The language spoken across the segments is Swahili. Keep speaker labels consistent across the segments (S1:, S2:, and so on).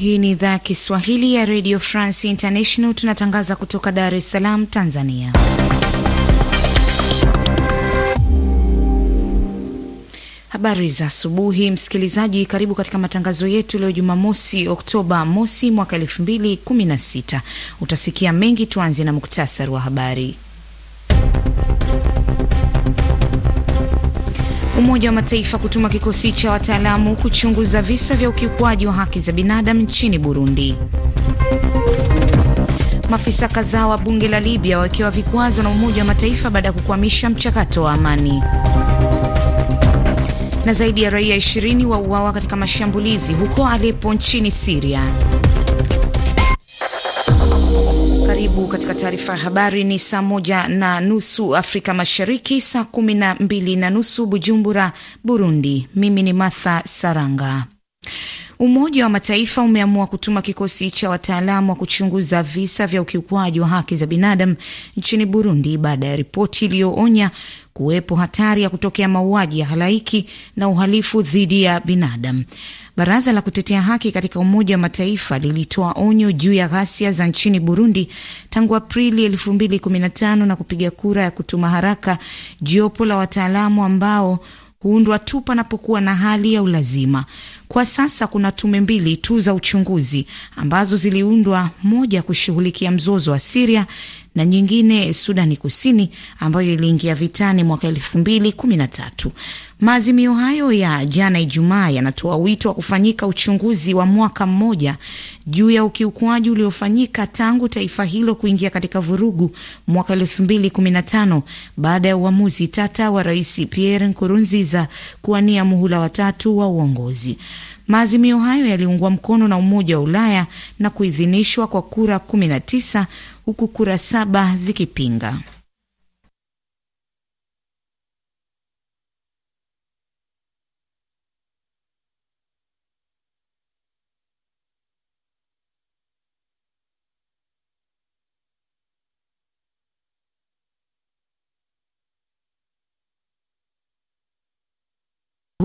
S1: Hii ni idhaa ya Kiswahili ya Radio France International, tunatangaza kutoka Dar es Salaam, Tanzania. Habari za asubuhi, msikilizaji. Karibu katika matangazo yetu leo Jumamosi, Oktoba mosi mwaka elfu mbili kumi na sita. Utasikia mengi, tuanze na muktasari wa habari. Umoja wa Mataifa kutuma kikosi cha wataalamu kuchunguza visa vya ukiukwaji wa haki za binadamu nchini Burundi. Maafisa kadhaa wa bunge la Libya wakiwa vikwazo na Umoja wa Mataifa baada ya kukwamisha mchakato wa amani. Na zaidi ya raia 20 wauawa katika mashambulizi huko Aleppo nchini Syria. Karibu katika taarifa ya habari ni saa moja na nusu Afrika Mashariki, saa kumi na mbili na nusu Bujumbura, Burundi. Mimi ni Martha Saranga. Umoja wa Mataifa umeamua kutuma kikosi cha wataalamu wa kuchunguza visa vya ukiukwaji wa haki za binadamu nchini Burundi baada ya ripoti iliyoonya kuwepo hatari ya kutokea mauaji ya halaiki na uhalifu dhidi ya binadamu. Baraza la kutetea haki katika Umoja wa Mataifa lilitoa onyo juu ya ghasia za nchini Burundi tangu Aprili 2015 na kupiga kura ya kutuma haraka jopo la wataalamu ambao huundwa tu panapokuwa na hali ya ulazima. Kwa sasa kuna tume mbili tu za uchunguzi ambazo ziliundwa, moja kushughulikia mzozo wa Siria na nyingine Sudani Kusini ambayo iliingia vitani mwaka elfu mbili kumi na tatu. Maazimio hayo ya jana Ijumaa yanatoa wito wa kufanyika uchunguzi wa mwaka mmoja juu ya ukiukwaji uliofanyika tangu taifa hilo kuingia katika vurugu mwaka elfu mbili kumi na tano baada ya uamuzi tata wa Rais Pierre Nkurunziza kuwania muhula watatu wa uongozi. Maazimio hayo yaliungwa mkono na Umoja wa Ulaya na kuidhinishwa kwa kura 19 huku kura saba zikipinga.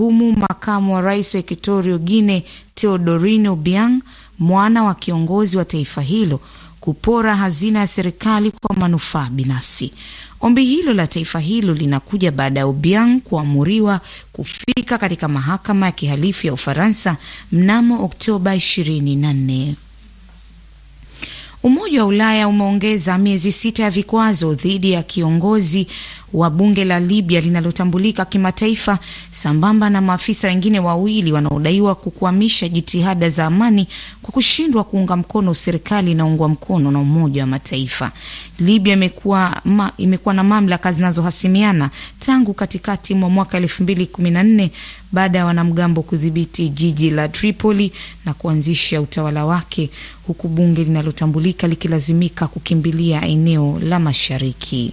S1: amemtuhumu makamu wa rais wa Ekitorio Guine Teodorin Obiang, mwana wa kiongozi wa taifa hilo, kupora hazina ya serikali kwa manufaa binafsi. Ombi hilo la taifa hilo linakuja baada ya Obiang kuamuriwa kufika katika mahakama ya kihalifu ya Ufaransa mnamo Oktoba 24. Umoja wa Ulaya umeongeza miezi sita ya vikwazo dhidi ya kiongozi wa bunge la Libya linalotambulika kimataifa sambamba na maafisa wengine wawili wanaodaiwa kukwamisha jitihada za amani kwa kushindwa kuunga mkono serikali inaungwa mkono na Umoja wa Mataifa. Libya imekuwa ma, imekuwa na mamlaka zinazohasimiana tangu katikati mwa mwaka 2014 baada ya wanamgambo kudhibiti jiji la Tripoli na kuanzisha utawala wake huku bunge linalotambulika likilazimika kukimbilia eneo la mashariki.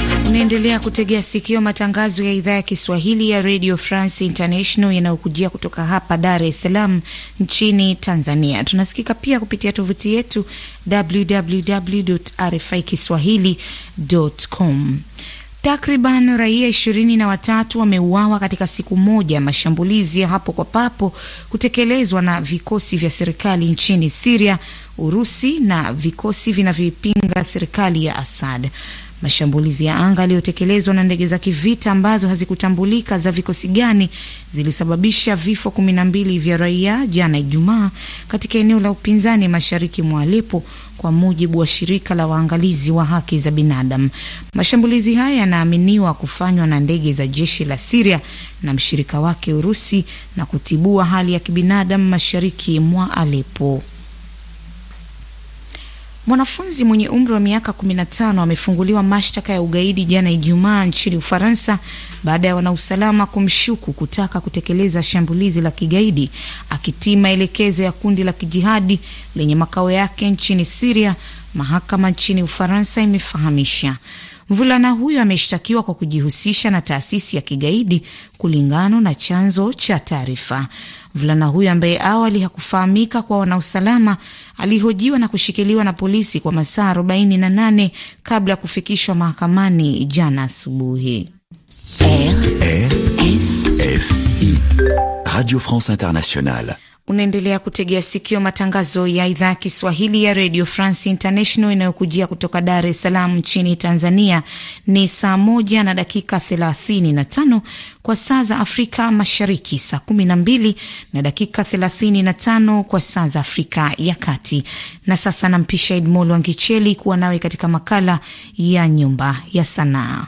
S1: Unaendelea kutegea sikio matangazo ya idhaa ya Kiswahili ya Radio France International yanayokujia kutoka hapa Dar es Salaam nchini Tanzania. Tunasikika pia kupitia tovuti yetu www.rfikiswahili.com. Takriban raia ishirini na watatu wameuawa katika siku moja ya mashambulizi ya hapo kwa papo kutekelezwa na vikosi vya serikali nchini Siria, Urusi na vikosi vinavyoipinga serikali ya Assad. Mashambulizi ya anga yaliyotekelezwa na ndege za kivita ambazo hazikutambulika za vikosi gani zilisababisha vifo kumi na mbili vya raia jana Ijumaa katika eneo la upinzani mashariki mwa alepo kwa mujibu wa shirika la waangalizi wa haki za binadamu. Mashambulizi haya yanaaminiwa kufanywa na ndege za jeshi la Siria na mshirika wake Urusi na kutibua hali ya kibinadamu mashariki mwa alepo Mwanafunzi mwenye umri wa miaka 15 amefunguliwa mashtaka ya ugaidi jana Ijumaa nchini Ufaransa baada ya wanausalama kumshuku kutaka kutekeleza shambulizi la kigaidi akitii maelekezo ya kundi la kijihadi lenye makao yake nchini Siria, mahakama nchini Ufaransa imefahamisha. Mvulana huyo ameshtakiwa kwa kujihusisha na taasisi ya kigaidi kulingana na chanzo cha taarifa. Mvulana huyo ambaye awali hakufahamika kwa wanausalama alihojiwa na kushikiliwa na polisi kwa masaa 48 kabla ya kufikishwa mahakamani jana asubuhi.
S2: Radio France Internationale.
S1: Unaendelea kutegea sikio matangazo ya idhaa ya Kiswahili ya Radio France International inayokujia kutoka Dar es Salaam nchini Tanzania. Ni saa moja na dakika thelathini na tano kwa saa za Afrika Mashariki, saa kumi na mbili na dakika thelathini na tano kwa saa za Afrika ya Kati. Na sasa nampisha Edmol Wangicheli kuwa nawe katika makala ya Nyumba ya Sanaa.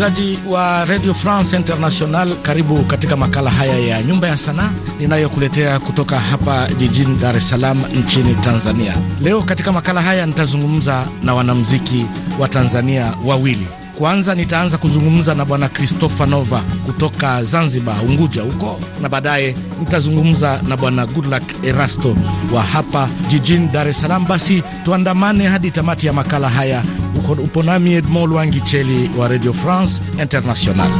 S3: Msikilizaji wa Radio France International, karibu katika makala haya ya nyumba ya sanaa ninayokuletea kutoka hapa jijini Dar es Salaam nchini Tanzania. Leo katika makala haya nitazungumza na wanamuziki wa Tanzania wawili. Kwanza nitaanza kuzungumza na bwana Christopher Nova kutoka Zanzibar, Unguja huko, na baadaye nitazungumza na bwana Goodluck Erasto wa hapa jijini Dar es Salaam. Basi tuandamane hadi tamati ya makala haya upo nami Edmond Lwangicheli wa Radio France International.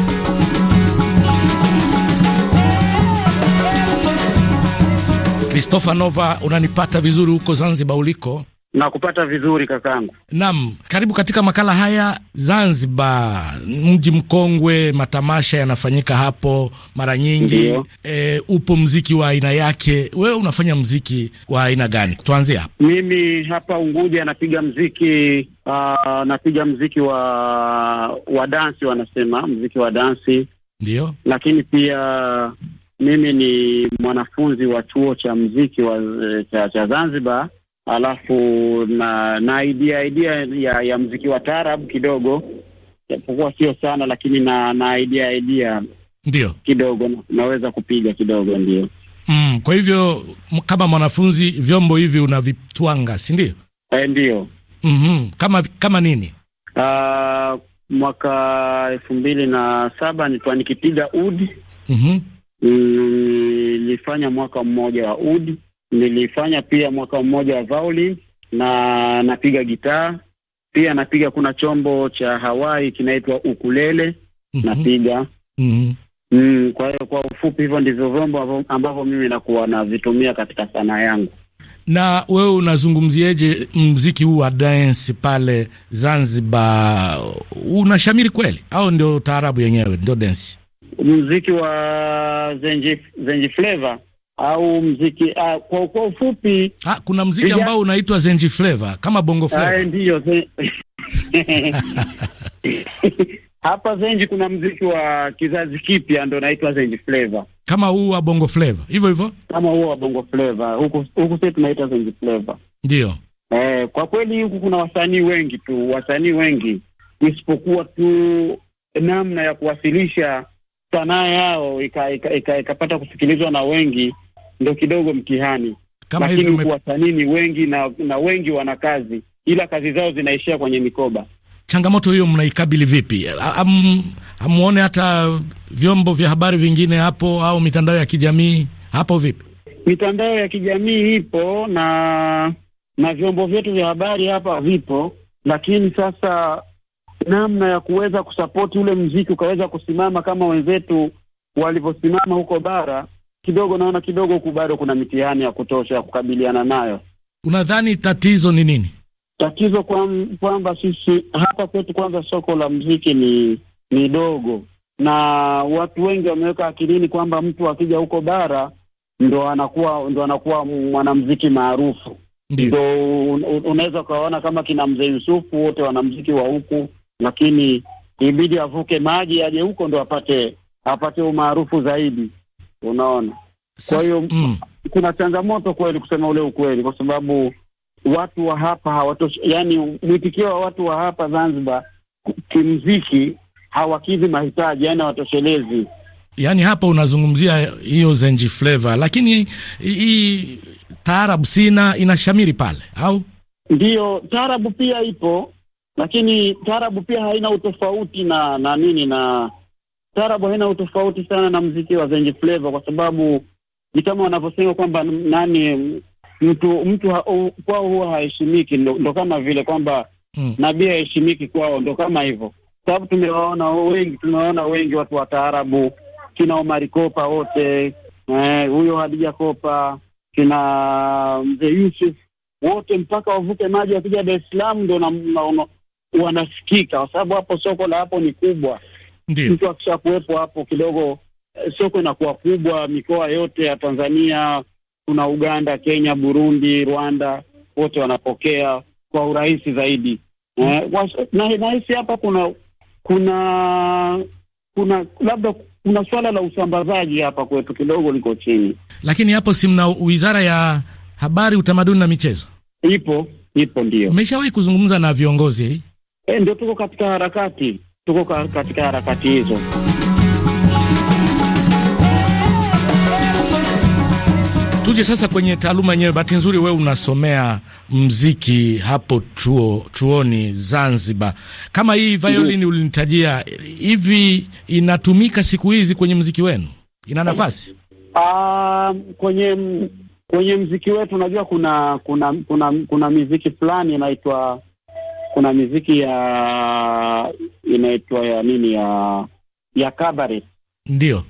S3: Christopher Nova unanipata vizuri huko Zanzibar uliko Nakupata vizuri kakangu. Naam, karibu katika makala haya. Zanzibar, mji mkongwe, matamasha yanafanyika hapo mara nyingi. E, upo mziki wa aina yake. Wewe unafanya mziki wa aina gani? Tuanzia hapo.
S4: Mimi hapa Unguja napiga mziki uh, napiga mziki wa wa dansi, wanasema mziki wa dansi ndio, lakini pia mimi ni mwanafunzi wa chuo cha mziki wa, cha, cha Zanzibar alafu na na idea idea ya, ya mziki wa taarab kidogo, japokuwa sio sana, lakini na na idea idea ndio kidogo naweza kupiga kidogo, ndio
S3: mm. Kwa hivyo kama mwanafunzi vyombo hivi unavitwanga, si ndio? E, ndio mm -hmm. Kama kama nini
S4: uh, mwaka elfu mbili na saba nilikuwa nikipiga udi nilifanya mm-hmm. mm -hmm. Nilifanya mwaka mmoja wa udi Nilifanya pia mwaka mmoja wa violin na napiga gitaa pia, napiga kuna chombo cha Hawaii kinaitwa ukulele mm -hmm. napiga mm -hmm. mm, kwa hiyo kwa ufupi hivyo ndivyo vyombo ambavyo mimi nakuwa navitumia katika sanaa yangu.
S3: Na wewe unazungumziaje mziki huu wa dance pale Zanzibar, unashamiri kweli au ndio taarabu yenyewe ndio dance?
S4: Mziki wa Zenji, Zenji Flavor au mziki uh, kwa kwa
S3: ufupi ha, ah, kuna mziki ambao unaitwa Zenji Flavor kama Bongo ah, flavor Eh, ndio
S4: hapa Zenji kuna mziki wa kizazi kipya ndio unaitwa Zenji Flavor
S3: kama huu wa Bongo flavor
S4: hivyo hivyo, kama huu wa Bongo flavor huku huku sisi tunaita Zenji Flavor ndio. Eh, kwa kweli huku kuna wasanii wengi tu, wasanii wengi isipokuwa tu namna ya kuwasilisha sanaa yao ikapata ika, ika, ika kusikilizwa na wengi ndo kidogo mtihani, lakini ume... wasanii wengi na, na wengi wana kazi ila kazi zao zinaishia kwenye mikoba.
S3: Changamoto hiyo mnaikabili vipi? Hamuone hata vyombo vya habari vingine hapo au mitandao ya kijamii hapo vipi? Mitandao ya kijamii
S4: ipo na na vyombo vyetu vya habari hapa vipo, lakini sasa namna ya kuweza kusapoti ule mziki ukaweza kusimama kama wenzetu walivyosimama huko bara kidogo, naona kidogo huku bado kuna mitihani ya kutosha ya kukabiliana nayo.
S3: Unadhani tatizo ni nini? Tatizo kwamba sisi
S4: hapa kwetu, kwanza soko la mziki ni ni dogo, na watu wengi wameweka akilini kwamba mtu akija huko bara ndo anakuwa ndo anakuwa mwanamziki maarufu, ndo unaweza ukawaona kama kina mzee Yusufu, wote wanamziki wa huku, lakini ibidi avuke maji aje huko ndo apate apate umaarufu zaidi unaona. Kwa hiyo mm, kuna changamoto kweli, kusema ule ukweli, kwa sababu watu wa hapa hawatoshi, yani mwitikio wa watu wa hapa Zanzibar kimziki hawakidhi mahitaji, yani hawatoshelezi.
S3: Yani hapa unazungumzia hiyo zenji flavor, lakini hii taarabu sina inashamiri pale, au ndiyo? Taarabu pia ipo,
S4: lakini taarabu pia haina utofauti na na nini na Taarabu haina utofauti sana na mziki wa Zenje Flavor kwa sababu ni kama wanavyosema kwamba nani mtu mtu ha, u, kwao huwa haheshimiki, ndo, kama vile kwamba hmm. nabii haheshimiki kwao, ndo kama hivyo, sababu tumewaona wengi, tumewaona wengi watu wa taarabu kina Omari Kopa wote eh, huyo eh, Hadija Kopa kina mzee Yusuf wote mpaka wavuke maji wakija Dar es Salaam ndo wanasikika, kwa sababu hapo soko la hapo ni kubwa. Ndiyo. Mtu kuwepo hapo kidogo eh, soko inakuwa kubwa, mikoa yote ya Tanzania, kuna Uganda, Kenya, Burundi, Rwanda, wote wanapokea kwa urahisi zaidi. Eh, mm. Eh, nahisi hapa kuna kuna kuna labda kuna swala la usambazaji hapa kwetu kidogo liko chini,
S3: lakini hapo si mna wizara ya habari, utamaduni na michezo? Ipo, ipo, ndio. Umeshawahi kuzungumza na viongozi? Eh, ndio tuko katika harakati tuko katika harakati hizo. Tuje sasa kwenye taaluma yenyewe. Bahati nzuri wewe unasomea mziki hapo chuo, chuoni Zanzibar. Kama hii violin ulinitajia hivi, inatumika siku hizi kwenye mziki wenu, ina nafasi
S4: uh, kwenye kwenye mziki wetu? Unajua kuna kuna kuna, kuna miziki fulani inaitwa kuna miziki ya inaitwa ya nini ya ya cabaret, ndio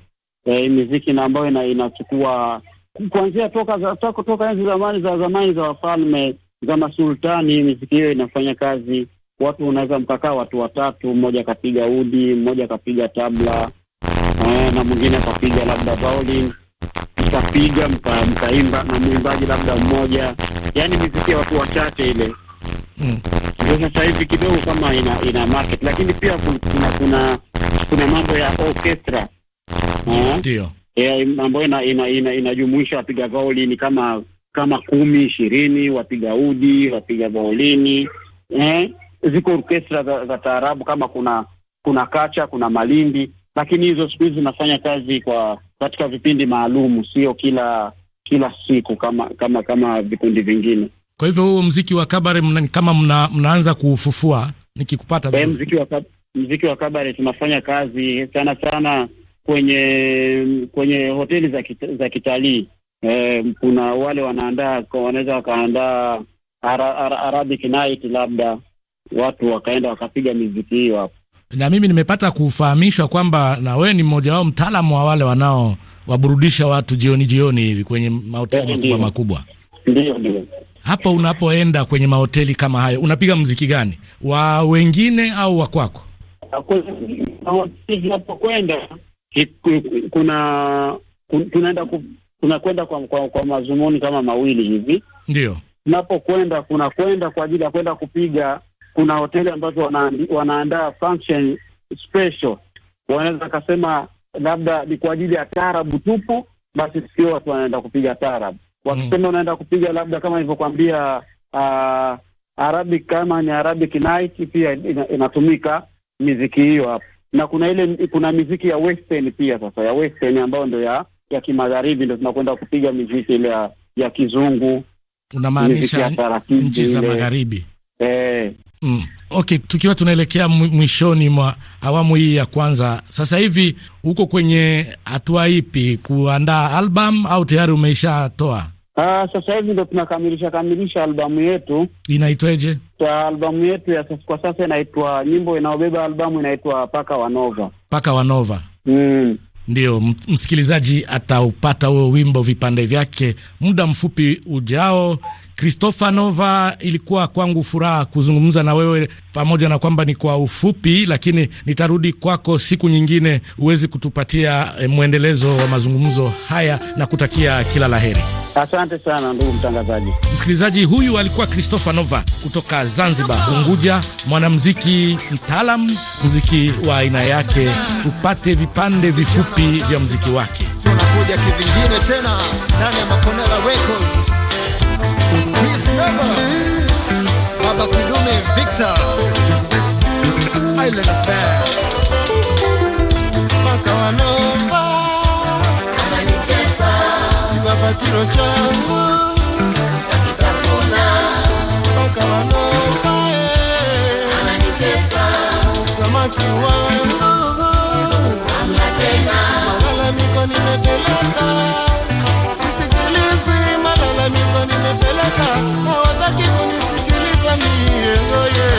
S4: e, miziki na ambayo ina, inachukua kuanzia toka, toka, toka enzi zamani za zamani za wafalme za masultani. Miziki hiyo inafanya kazi, watu unaweza mkakaa watu watatu, mmoja akapiga udi, mmoja akapiga tabla e, na mwingine akapiga labda violin, mkapiga mkaimba, na mwimbaji labda mmoja, yani miziki ya watu wachache ile Mm. Sasa hivi kidogo kama ina ina market, lakini pia kuna kuna kuna mambo ya orchestra eh? ndio ambayo inajumuisha wapiga violini kama kama kumi ishirini, wapiga udi, wapiga violini eh. Ziko orkestra za, za taarabu kama kuna kuna kacha, kuna malindi, lakini hizo siku hizi zinafanya kazi kwa katika vipindi maalumu, sio kila kila siku kama kama kama vikundi vingine.
S3: Kwa hivyo huu mziki wa kabare mna, kama mna, mnaanza kuufufua nikikupata e,
S4: mziki wa mziki wa kabare tunafanya kazi sana sana kwenye kwenye hoteli za kita, za kitalii e, kuna wale wanaandaa wanaweza wakaandaa ara, ara, Arabic night labda watu wakaenda wakapiga miziki hiyo hapo.
S3: Na mimi nimepata kufahamishwa kwamba na wewe ni mmoja wao mtaalamu wa wale wanao waburudisha watu jioni jioni hivi kwenye mahoteli eh, makubwa makubwa. Ndio, ndio. Hapa unapoenda kwenye mahoteli kama hayo, unapiga mziki gani? Wa wengine au wa kwako?
S4: Tunapokwenda kuna tunaenda tunakwenda kwa, kwa, kwa mazumuni kama mawili hivi. Ndio tunapokwenda kuna kwenda kwa ajili ya kwenda kupiga. Kuna hoteli ambazo wanaandaa function special, wanaweza kasema labda ni kwa ajili ya tarabu tupu, basi sio watu wanaenda kupiga tarabu wakisema mm-hmm. mm unaenda kupiga labda kama ilivyokwambia uh, Arabic kama ni Arabic night pia ina, inatumika miziki hiyo hapo, na kuna ile kuna miziki ya western pia. Sasa ya western ambayo ndio ya ya kimagharibi ndio tunakwenda kupiga miziki ile ya, ya kizungu, unamaanisha nchi za magharibi
S5: eh.
S3: Mm. Okay, tukiwa tunaelekea mwishoni mwa awamu hii ya kwanza, sasa hivi uko kwenye hatua ipi, kuandaa album au tayari umeishatoa?
S4: Ah, sasa hivi ndo tunakamilisha kamilisha albamu yetu.
S3: Inaitwaje?
S4: Ta albamu yetu ya sasa kwa sasa inaitwa, nyimbo inaobeba albamu inaitwa Paka wa Nova.
S3: Paka wa Nova. Mm. Ndio msikilizaji ataupata huo wimbo vipande vyake muda mfupi ujao Kristofa Nova, ilikuwa kwangu furaha kuzungumza na wewe, pamoja na kwamba ni kwa ufupi, lakini nitarudi kwako siku nyingine uwezi kutupatia e, mwendelezo wa mazungumzo haya na kutakia kila laheri.
S4: Asante sana ndugu mtangazaji.
S3: Msikilizaji, huyu alikuwa Kristofa Nova kutoka Zanzibar, Unguja, mwanamziki mtaalam, mziki wa aina yake. upate vipande vifupi vya mziki wake.
S4: Tunakuja kivingine tena ndani ya Makonela Records.
S2: Miss Nova, Baba Kidume Victor, Island Star, Makanova, ananitesa, kibabatiro changu nakitafuna, Makanova, ananitesa, eh. samaki wangu amna tena, malalamiko nimepeleka, sisikilizwi mikoni mepeleka awataki kunisikiliza miyezoye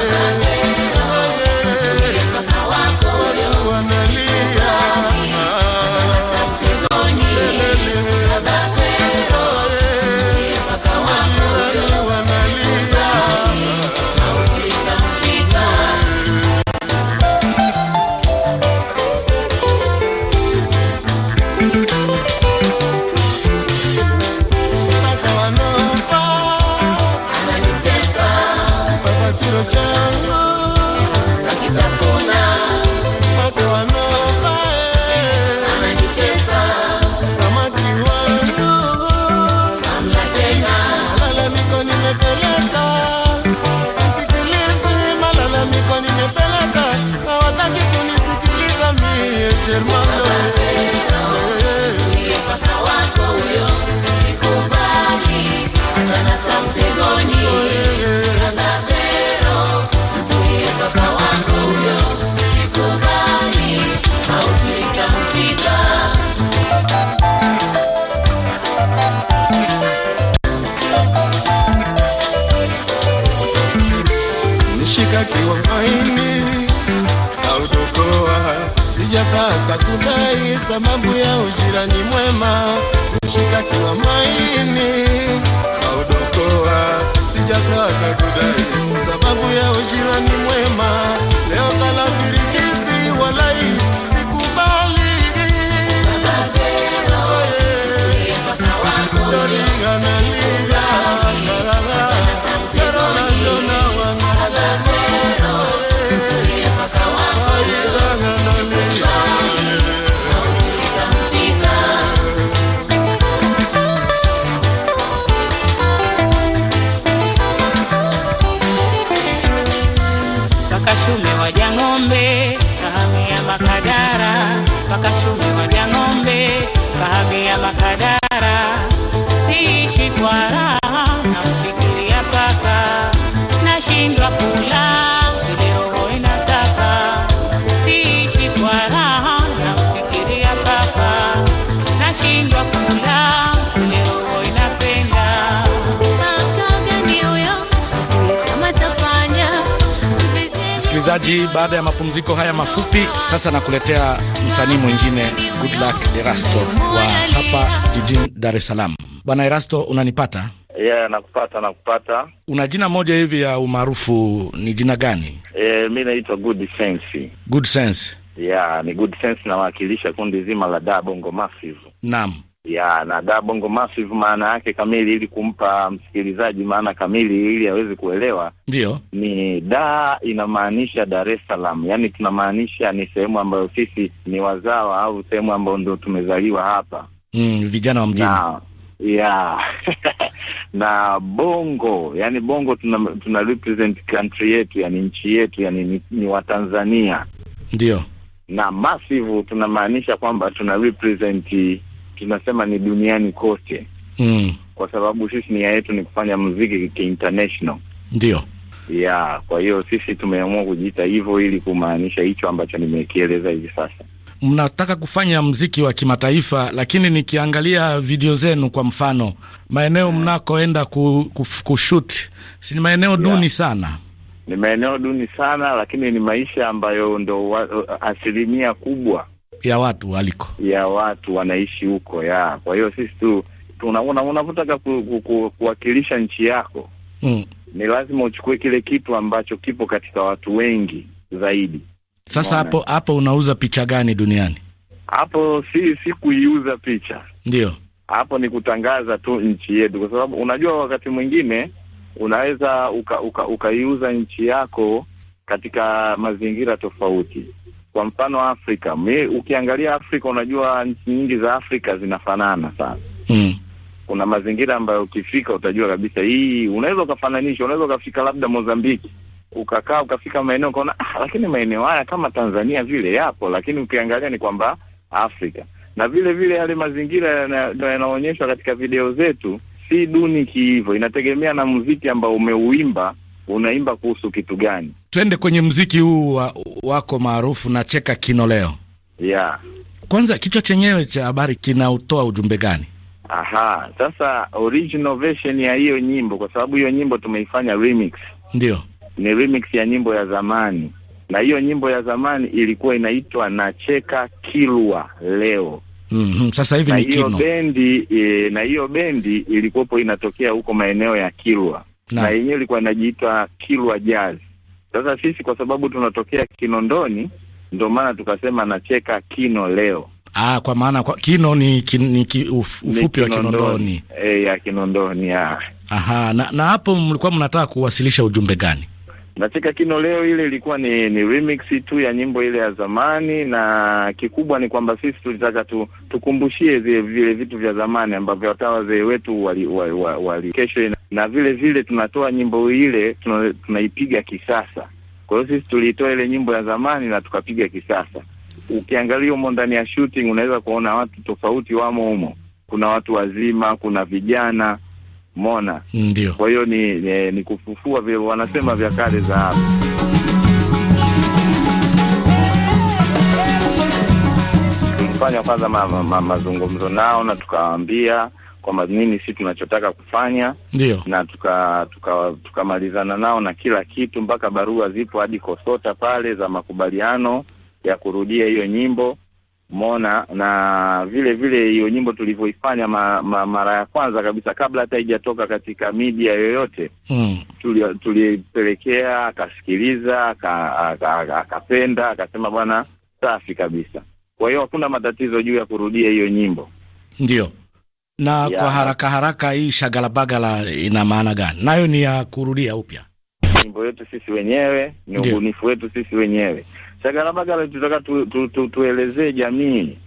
S2: hermana. kakudai sababu ya ujirani mwema, mshikaki wa maini kaudokoa, sijataka kudai sababu ya ujirani mwema
S6: ya makada
S3: msikilizaji, baada ya mapumziko haya mafupi, sasa nakuletea msanii mwingine Good Luck Erasto wa hapa jijini Dar es Salaam. Bwana Erasto, unanipata? Yeah,
S5: nakupata nakupata.
S3: Una jina moja hivi ya umaarufu, ni jina gani?
S5: Eh, mi naitwa Good Sense.
S3: Good Sense.
S5: Yeah, ni Good Sense, nawakilisha kundi zima la Da Bongo Massive. Naam ya na Da Bongo Massive maana yake kamili, ili kumpa msikilizaji maana kamili ili aweze kuelewa, ndio ni Da inamaanisha Dar es Salaam, yaani tunamaanisha ni sehemu ambayo sisi ni wazawa au sehemu ambayo ndio tumezaliwa hapa,
S3: mm, vijana wa mjini na,
S5: ya na Bongo, yani Bongo tuna, tuna represent country yetu, yani nchi yetu, yani ni, ni Watanzania ndio, na Massive tunamaanisha kwamba tuna represent tunasema ni duniani kote mm. kwa sababu sisi nia yetu ni kufanya mziki kiinternational ndio ya kwa hiyo sisi tumeamua kujiita hivyo ili kumaanisha hicho ambacho nimekieleza hivi sasa.
S3: Mnataka kufanya mziki wa kimataifa, lakini nikiangalia video zenu, kwa mfano maeneo yeah, mnakoenda ku, ku, si ni maeneo yeah, duni sana.
S5: Ni maeneo duni sana, lakini ni maisha ambayo ndo asilimia kubwa
S3: ya watu waliko,
S5: ya watu wanaishi huko ya. Kwa hiyo sisi tu unavotaka ku, ku, ku, kuwakilisha nchi yako mm. ni lazima uchukue kile kitu ambacho kipo katika watu wengi zaidi.
S3: Sasa hapo hapo unauza picha gani duniani?
S5: Hapo si si kuiuza picha, ndio hapo ni kutangaza tu nchi yetu, kwa sababu unajua wakati mwingine unaweza ukaiuza uka, uka nchi yako katika mazingira tofauti. Kwa mfano Afrika, mi ukiangalia Afrika, unajua nchi nyingi za Afrika zinafanana sana mm. Kuna mazingira ambayo ukifika utajua kabisa hii, unaweza ukafananisha, unaweza ukafika labda Mozambiki ukakaa ukafika maeneo ukaona ah, lakini maeneo haya kama Tanzania vile yapo, lakini ukiangalia ni kwamba Afrika na vile vile yale mazingira yanaonyeshwa katika video zetu si duni kihivyo, inategemea na muziki ambao umeuimba unaimba kuhusu kitu gani?
S3: Twende kwenye mziki huu wa, wako maarufu na cheka kino leo yeah. Kwanza kichwa chenyewe cha habari kinautoa ujumbe gani?
S5: Aha, sasa original version ya hiyo nyimbo, kwa sababu hiyo nyimbo tumeifanya remix, ndio ni remix ya nyimbo ya zamani, na hiyo nyimbo ya zamani ilikuwa inaitwa nacheka kilwa leo.
S3: Mm -hmm. Sasa hivi na ni hiyo
S5: bendi e, na hiyo bendi ilikuwepo inatokea huko maeneo ya Kilwa na yenyewe ilikuwa inajiita Kilwa Jazz. Sasa sisi kwa sababu tunatokea Kinondoni, ndio maana tukasema nacheka kino leo.
S3: Ah, kwa maana kwa kino ni, kin, ni ki, uf, ufupi ni wa Kinondoni
S5: e, ya Kinondoni ya.
S3: Aha, na, na hapo mlikuwa mnataka kuwasilisha ujumbe gani?
S5: Nacheka kino leo ile ilikuwa ni, ni remix tu ya nyimbo ile ya zamani, na kikubwa ni kwamba sisi tulitaka tu, tukumbushie zile vile vitu vya zamani ambavyo hata wazee wetu wali, wali, wali, wali kesho ina na vile vile tunatoa nyimbo ile tuna, tunaipiga kisasa. Kwa hiyo sisi tuliitoa ile nyimbo ya zamani na tukapiga kisasa. Ukiangalia humo ndani ya shooting unaweza kuona watu tofauti wamo humo, kuna watu wazima, kuna vijana, mona Ndio, kwa hiyo ni, ni, ni kufufua vile wanasema vya kale za hapo. Tulifanya kwanza mazungumzo ma, ma, ma, nao na tukawaambia kwamba nini si tunachotaka kufanya Ndiyo. na tukamalizana tuka, tuka nao na kila kitu, mpaka barua zipo hadi kosota pale za makubaliano ya kurudia hiyo nyimbo mona, na vile vile hiyo nyimbo tulivyoifanya ma, ma, mara ya kwanza kabisa kabla hata haijatoka katika media yoyote mm. tulipelekea, akasikiliza, akapenda, akasema bwana, safi kabisa. Kwa hiyo hakuna matatizo juu ya kurudia hiyo nyimbo,
S3: ndio na ya, kwa haraka haraka, hii shagalabagala ina maana gani? Nayo ni ya kurudia upya
S5: nyimbo yetu sisi wenyewe, ni ubunifu wetu sisi wenyewe. Shagalabagala tunataka tu, tu, tu, tuelezee jamii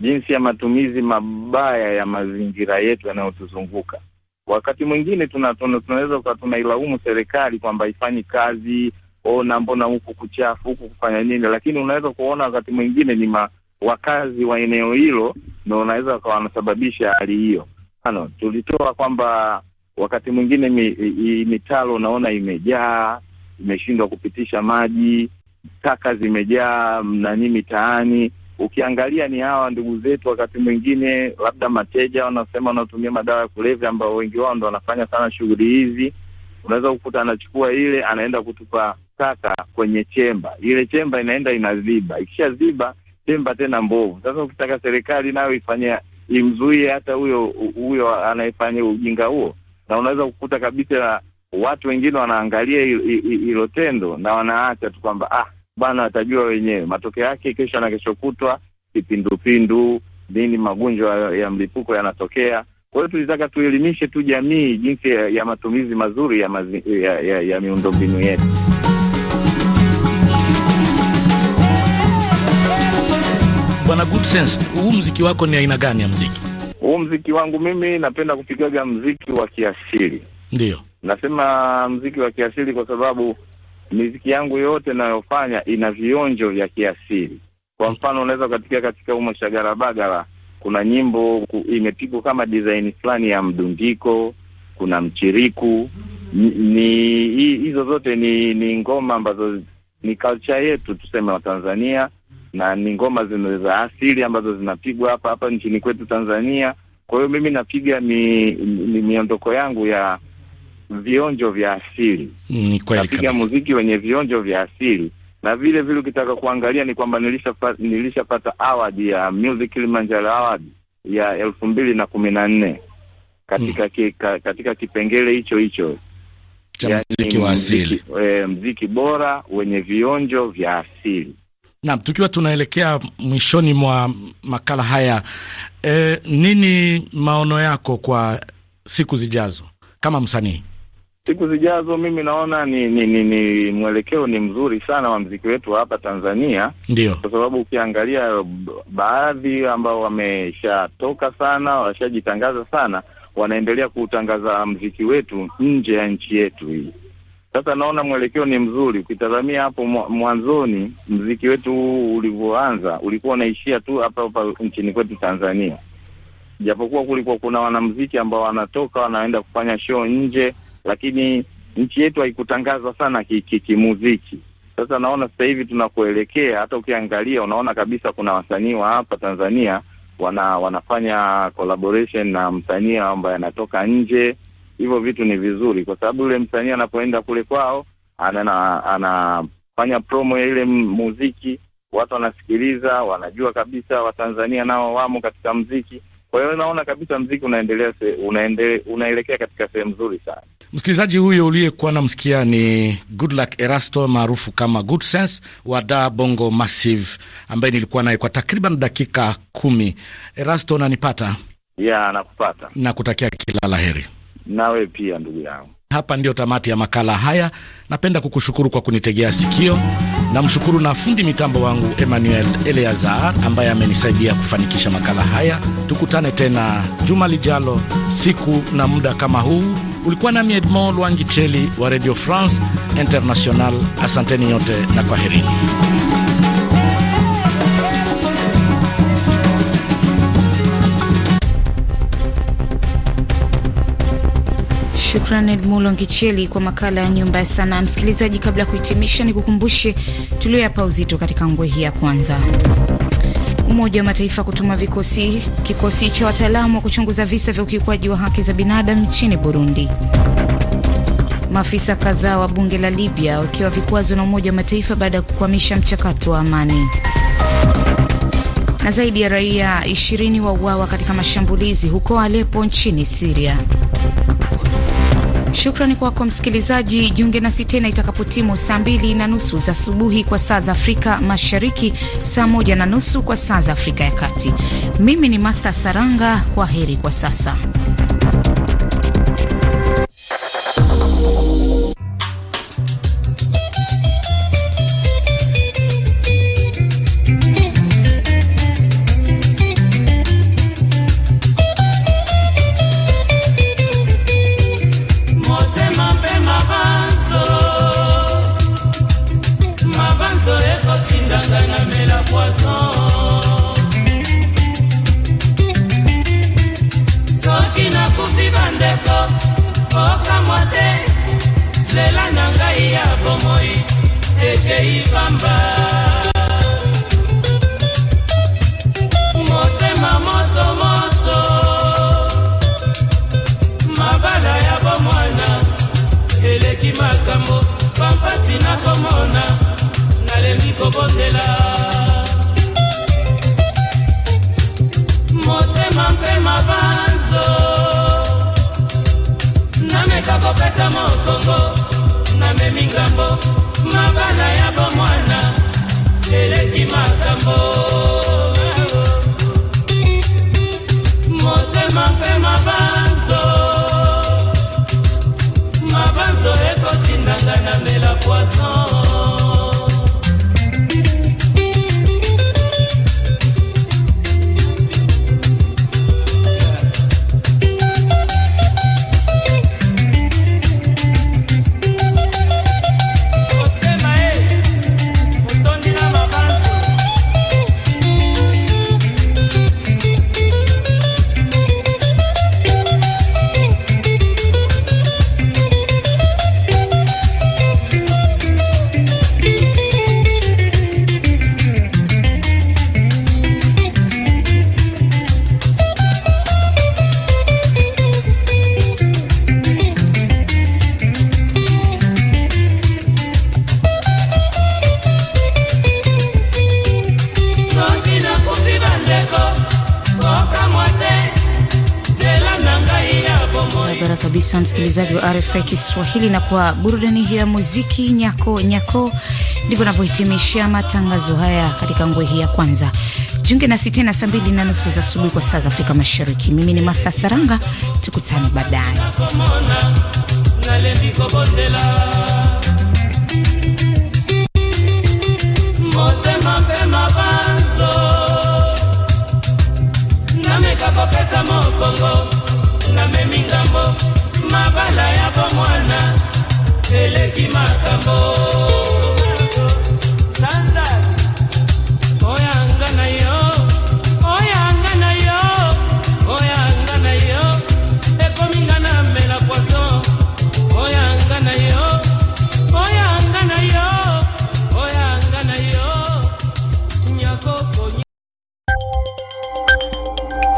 S5: jinsi ya matumizi mabaya ya mazingira yetu yanayotuzunguka. Wakati mwingine tuna, tuna, tuna tunailaumu serikali kwamba ifanyi kazi, oh, na mbona huku kuchafu huku kufanya nini, lakini unaweza kuona wakati mwingine ni ma wakazi wa eneo hilo ndio unaweza wakawa wanasababisha hali hiyo. Ano, tulitoa kwamba wakati mwingine mitalo unaona imejaa imeshindwa kupitisha maji, taka zimejaa nani mitaani. Ukiangalia ni hawa ndugu zetu, wakati mwingine labda mateja wanasema wanatumia madawa ya kulevya, ambao wengi wao ndo wanafanya sana shughuli hizi. Unaweza kukuta anachukua ile, anaenda kutupa taka kwenye chemba, ile chemba inaenda inaziba, ikishaziba Simba tena mbovu. Sasa ukitaka serikali nayo ifanye imzuie hata huyo huyo anayefanya ujinga huo, na unaweza kukuta kabisa watu wengine wanaangalia hilo tendo na wanaacha tu kwamba ah, bwana watajua wenyewe. Matokeo yake kesho na kesho kutwa kipindupindu nini, magonjwa ya mlipuko yanatokea. Kwa hiyo tulitaka tuelimishe tu jamii jinsi ya, ya matumizi mazuri ya, ya, ya, ya miundombinu yetu.
S3: Bwana Good Sense, huu mziki wako ni aina gani ya mziki?
S5: Huu mziki wangu mimi napenda kupigaga mziki wa kiasili. ndio nasema mziki wa kiasili kwa sababu miziki yangu yote inayofanya ina vionjo vya kiasili. Kwa mfano unaweza ukatikia katika umo shagarabagara, kuna nyimbo imepigwa kama design fulani ya mdundiko, kuna mchiriku ni, ni hizo zote ni, ni ngoma ambazo ni culture yetu tuseme wa Tanzania na ni ngoma za asili ambazo zinapigwa hapa hapa nchini kwetu Tanzania. Kwa hiyo mimi napiga ni, ni miondoko yangu ya vionjo vya asili, mm, napiga muziki wenye vionjo vya asili na vile vile ukitaka kuangalia ni kwamba nilishapata nilishapata award ya Music Kilimanjaro Award ya elfu mbili na kumi na nne katika mm. ki, ka, katika kipengele hicho hicho cha yani muziki wa asili, eh, mziki, e, mziki bora wenye vionjo vya asili.
S3: Naam, tukiwa tunaelekea mwishoni mwa makala haya e, nini maono yako kwa siku zijazo kama msanii?
S5: Siku zijazo mimi naona ni, ni, ni, ni mwelekeo ni mzuri sana wa mziki wetu hapa Tanzania, ndio kwa sababu ukiangalia baadhi ambao wameshatoka sana washajitangaza sana, wanaendelea kuutangaza mziki wetu nje ya nchi yetu hii sasa naona mwelekeo ni mzuri. Ukitazamia hapo mwanzoni mziki wetu huu ulivyoanza ulikuwa unaishia tu hapa hapa nchini kwetu Tanzania, japokuwa kulikuwa kuna wanamziki ambao wanatoka wanaenda kufanya show nje, lakini nchi yetu haikutangazwa sana kimuziki ki, ki sasa naona sasa hivi tunakuelekea, hata ukiangalia unaona kabisa kuna wasanii wa hapa Tanzania wana wanafanya collaboration na msanii ambaye anatoka nje hivyo vitu ni vizuri, kwa sababu yule msanii anapoenda kule kwao anana, anafanya promo ya ile muziki, watu wanasikiliza, wanajua kabisa Watanzania nao wamo katika mziki. Kwa hiyo naona kabisa mziki unaendelea unaendele, unaelekea katika sehemu nzuri sana.
S3: Msikilizaji huyo uliyekuwa namsikia ni Goodluck Erasto maarufu kama Good Sense wa Da Bongo Massive ambaye nilikuwa naye kwa takriban dakika kumi. Erasto, unanipata?
S5: Ya, nakupata.
S3: Nakutakia kila la heri
S5: nawe pia ndugu yangu.
S3: Hapa ndiyo tamati ya makala haya. Napenda kukushukuru kwa kunitegea sikio. Namshukuru na fundi mitambo wangu Emmanuel Eleazar ambaye amenisaidia kufanikisha makala haya. Tukutane tena juma lijalo, siku na muda kama huu. Ulikuwa nami Edmond Lwangicheli wa Radio France International. Asanteni yote na kwaherini.
S1: Shukran Edmulo Ngicheli kwa makala ya nyumba ya sanaa. Msikilizaji, kabla ya kuhitimisha, ni kukumbushe tulioyapa uzito katika ngwe hii ya kwanza. Umoja wa Mataifa kutuma vikosi, kikosi cha wataalamu wa kuchunguza visa vya ukiukwaji wa haki za binadamu nchini Burundi. Maafisa kadhaa wa bunge la Libya wakiwa vikwazo na Umoja wa Mataifa baada ya kukwamisha mchakato wa amani na zaidi ya raia 20 wauawa katika mashambulizi huko Aleppo nchini Syria. Shukrani kwako msikilizaji. Jiunge nasi tena itakapotimu saa mbili na nusu za asubuhi kwa saa za Afrika Mashariki, saa moja na nusu kwa saa za Afrika ya Kati. Mimi ni Martha Saranga, kwa heri kwa sasa.
S6: soki nakufi bandeko okamwa te zela na ngai ya bomoi ekei pamba motema motomoto mabala ya bomwana eleki makambo pampasi nakomona nalembi kobondela kopema banzo nameka kopesa mokongo namemi ngambo mabala ya bomwana eleki makambo motema mpe mabanzo mabanzo ekotindanga na mela poison
S1: kabisa msikilizaji wa RFI Kiswahili, na kwa burudani hiyo ya muziki nyako nyako, ndivyo navyohitimisha matangazo haya katika ngwe hii ya kwanza. Jiunge nasi tena saa mbili na nusu za asubuhi kwa saa za Afrika Mashariki. Mimi ni Martha Saranga, tukutane baadaye.
S6: mabala ya bomwana eleki makambo